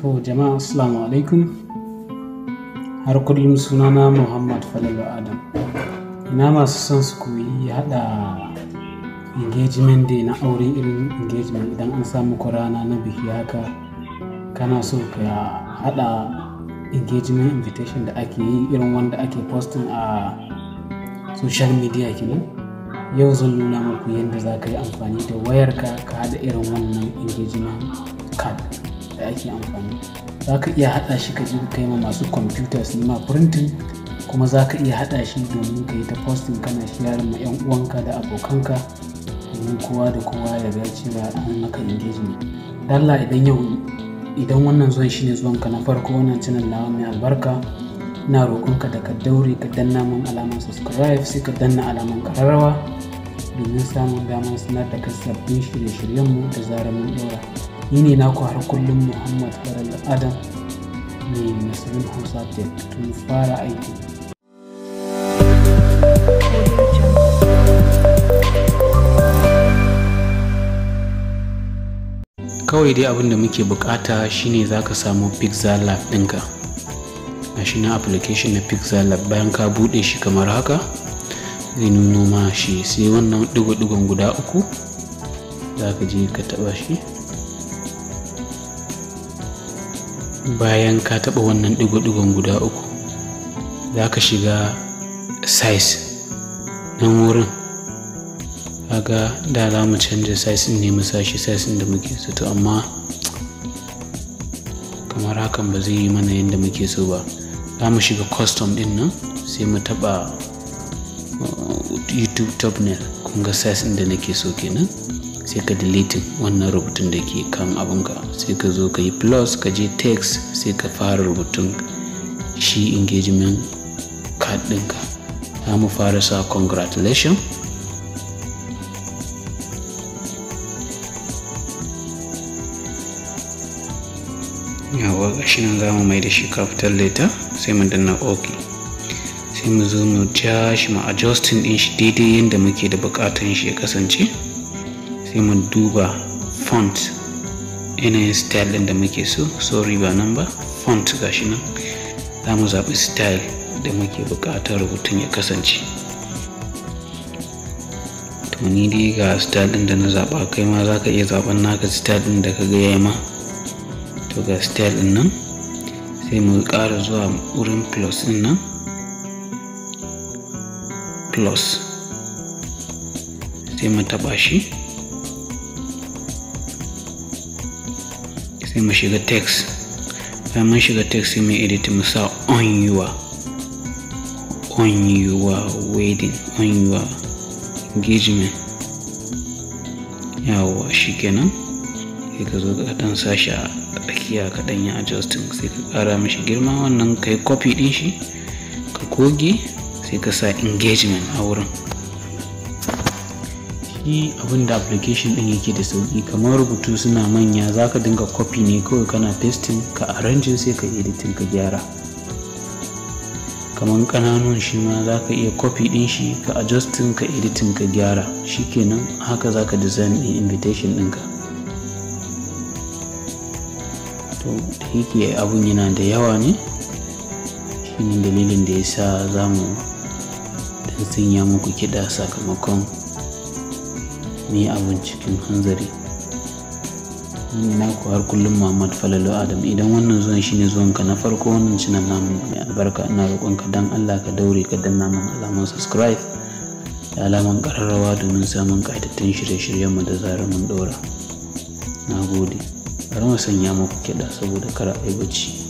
to jama'a assalamu alaikum har kullum sunana muhammad falalu adam ina masu son su koyi hada engagement day na aure irin engagement idan an samu rana na biki haka kana so ka hada engagement invitation da ake yi irin wanda ake posting a social media kenan yau zan nuna muku yadda za ka yi amfani da wayarka ka hada irin wannan engagement card da ake amfani za ka iya haɗa shi ka je kai ma masu kwamfuta su ma printing kuma za ka iya haɗa shi domin ka yi ta posting kana sharing ma 'yan uwanka da abokanka domin kowa da kowa ya ga cewa an maka engagement dalla idan yau idan wannan zuwan shine zuwan ka na farko wannan channel na mai albarka ina roƙonka da ka daure ka danna mun alamar subscribe sai ka danna alamar kararrawa domin samun damar sanar da ka sabbin shirye-shiryenmu da zarar mun ɗora ni ne naku har kullum muhammad karal adam mai musulun hausa tech tun fara aiki kawai dai abin da muke bukata shine za ka samu pixel lab ɗinka shi na application na pixel lab bayan ka buɗe shi kamar haka zai nuno ma shi sai wannan digo guda uku zaka je ka taɓa shi bayan ka taɓa wannan ɗigo-ɗigon guda uku za ka shiga size nan wurin kaga da za mu canza size ne mu sashi size da muke so to amma kamar hakan ba zai yi mana yadda muke so ba za mu shiga custom din nan sai mu taɓa uh, youtube thumbnail kun ga size da nake so kenan sai ka deleting wannan rubutun da ke kan abunka sai ka zo ka yi plus ka je text sai ka fara rubutun shi engagement card ɗinka za mu fara sa congratulation yawa shi nan za mu mai da shi capital letter sai mu danna ok sai mu zo mu ja shi ma adjusting din shi daidai yadda muke da bukatan shi ya kasance sai mu duba font yanayin style ɗin da muke so sorry ba nan ba font gashi nan za mu zaɓi style da muke buƙatar rubutun ya kasance to ni dai ga style ɗin da na zaɓa kai ma za ka iya zaɓen naka style ɗin da ka ga yayi ma to ga style ɗin nan sai mu ƙara zuwa wurin plus ɗin nan plus sai mu taɓa shi sai mu shiga text mun shiga text sai mu edit mu sa on your on your wedding on your engagement yawa shikenan sai ka zo ka dan sashi a tsakiya ka dan yi adjusting sai ka kara mishi girma wannan kai copy din shi ka goge sai ka sa engagement a wurin yi abin da application din yake da sauki kamar rubutu suna manya zaka dinga copy ne kawai kana pasting ka arrangin sai ka editing ka gyara kamar kananun shi ma za ka iya copy din shi ka adjusting ka editing ka gyara shikenan haka za ka design din invitation ɗinka to da yake abun yana da yawa ne Shi ne dalilin da ya sa za mu muku kiɗa sakamakon mu yi abin cikin hanzari ni na ku har kullum muhammad falalu adam idan wannan zuwan shine zuwan ka na farko wannan cinan namu mai albarka ina roƙon ka dan allah ka daure ka danna min alaman subscribe da alaman ƙararrawa domin samun ƙaitattun shirye-shiryen mu da zarar mun ɗora na gode bari mu sanya muku kiɗa saboda kar a yi bacci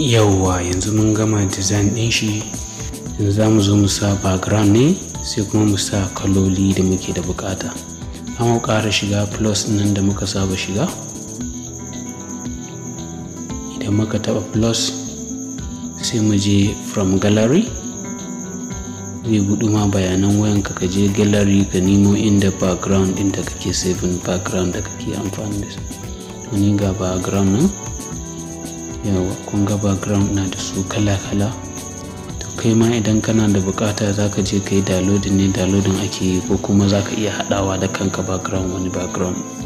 yawwa yanzu mun gama design ɗin shi yanzu za mu zo mu sa background ne sai kuma mu sa kaloli da muke da bukata an ƙara shiga plus nan da muka saba shiga idan muka taɓa plus sai mu je from gallery zai gudu ma bayanan wayanka ka je gallery ka nemo inda background inda kake saving background da kake amfani da su wani ga background nan yawa kun ga background na da su kala-kala to kai ma idan kana da bukata za ka je ka yi downloading ne downloading ake yi ko kuma za ka iya hadawa da kanka background wani background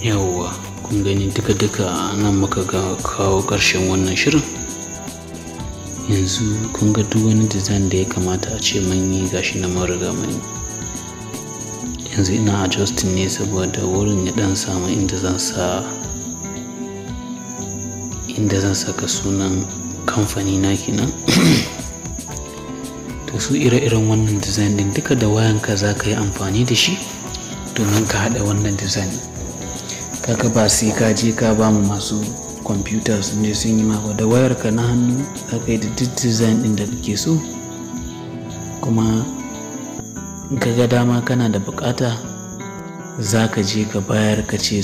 yawwa kun gani duka-duka nan muka ga kawo ƙarshen wannan shirin yanzu kun ga duk wani design da ya kamata a ce mun yi gashi na mariga mun yanzu ina adjusting ne saboda wurin ya dan samu inda zan sa inda zan saka sunan kamfani na kenan to su ire-iren wannan design din duka da wayanka za ka yi amfani da shi domin ka haɗa wannan design ka ba sai ka je ka ba mu masu kwamfuta sun je sun yi mako da wayar ka na hannu za ka da duk design ɗin da kake so kuma ga dama kana da bukata za ka je ka bayar ka ce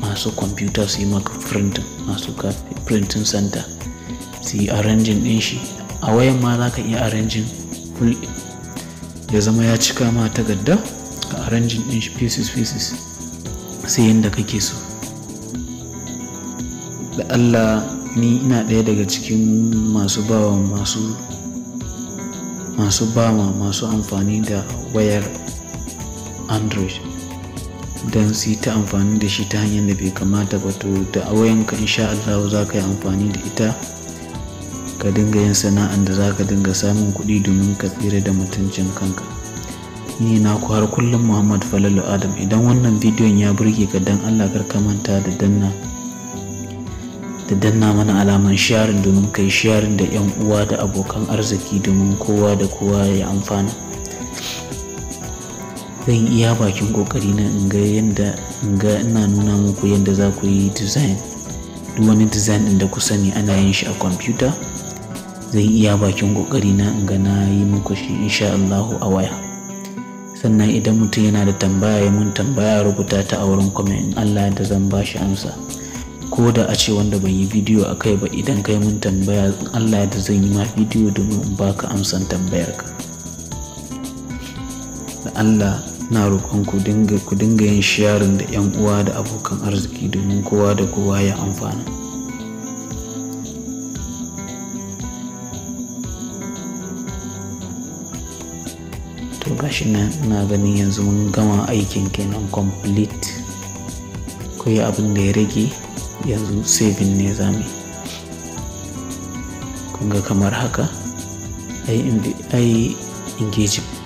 masu kwamfuta su yi maka printing masu printing center su yi arrangin din shi a wayan ma za ka iya arrangin full ya zama ya cika ma takarda a arrangin din shi pieces pieces sai yadda kake so da allah ni ina ɗaya daga cikin masu bawa masu masu bama masu amfani da wayar android don su ta amfani da shi ta hanyar da bai kamata ba to da wayanka insha Allah za ka yi amfani da ita ka dinga yin sana'an da za ka dinga samun kuɗi domin ka tsira da mutuncin kanka ni na har kullum muhammad falalu adam idan wannan bidiyon ya burge ka dan allah ka manta da danna da danna mana alaman sharin domin kai sharin da yan uwa da abokan arziki domin kowa da kowa ya amfana zan iya bakin kokari na in ga yadda in ga ina nuna muku yadda za ku yi design duk wani design din da ku sani ana yin shi a kwamfuta zan iya bakin kokari na in ga na yi muku shi insha Allahu a waya sannan idan mutum yana da tambaya ya mun tambaya rubuta ta a wurin kwamen Allah da zan ba shi amsa ko da a ce wanda ban yi bidiyo a kai ba idan kai mun tambaya Allah da zan yi ma bidiyo domin in baka amsan tambayarka da Allah na roƙon ku dinga yin sharing da 'yan uwa da abokan arziki domin kowa da kowa ya amfana gashi na yanzu mun gama aikin kenan complete ya abin da ya rage yanzu saving ne zami kunga kamar haka ai engaging